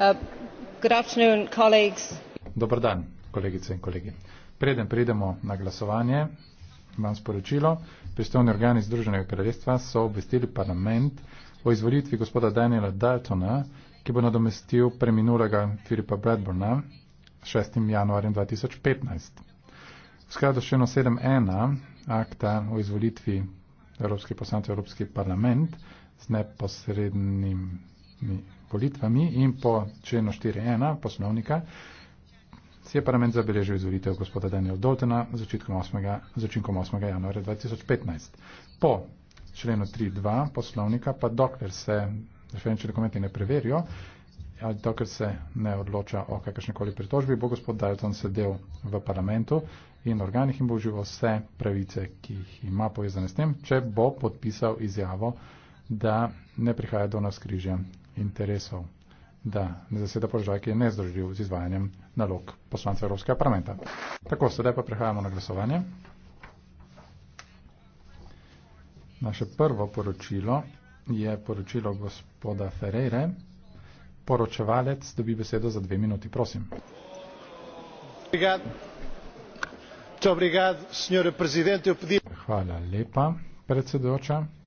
Uh, Dobar dan, kolegice in kolegi. Preden pridemo na glasovanje, vam sporočilo, pristovni organi Združenega kraljestva so obvestili parlament o izvolitvi gospoda Daniela Daltona, ki bo nadomestil preminulega Filipa Bradburna 6. januarjem 2015. V skladu s členom 7.1 akta o izvolitvi Evropskih poslancev Evropski parlament z neposrednim volitvami in po členu 4.1 poslovnika si je parlament zabeležil izvolitev gospoda Daniel Doltona z začetkom 8. Začinkom 8. januarja 2015. Po členu 3.2 poslovnika pa dokler se referenčni dokumenti ne preverijo, ali dokler se ne odloča o kakršnekoli pritožbi, bo gospod Dalton sedel v parlamentu in organih in bo užival vse pravice, ki jih ima povezane s tem, če bo podpisal izjavo, da ne prihaja do nas križja interesov, da ne zaseda položaj, ki je nezdružljiv z izvajanjem nalog poslancev Evropskega parlamenta. Tako, sedaj pa prehajamo na glasovanje. Naše prvo poročilo je poročilo gospoda Ferreire. Poročevalec dobi besedo za dve minuti, prosim. Hvala lepa, predsedujoča.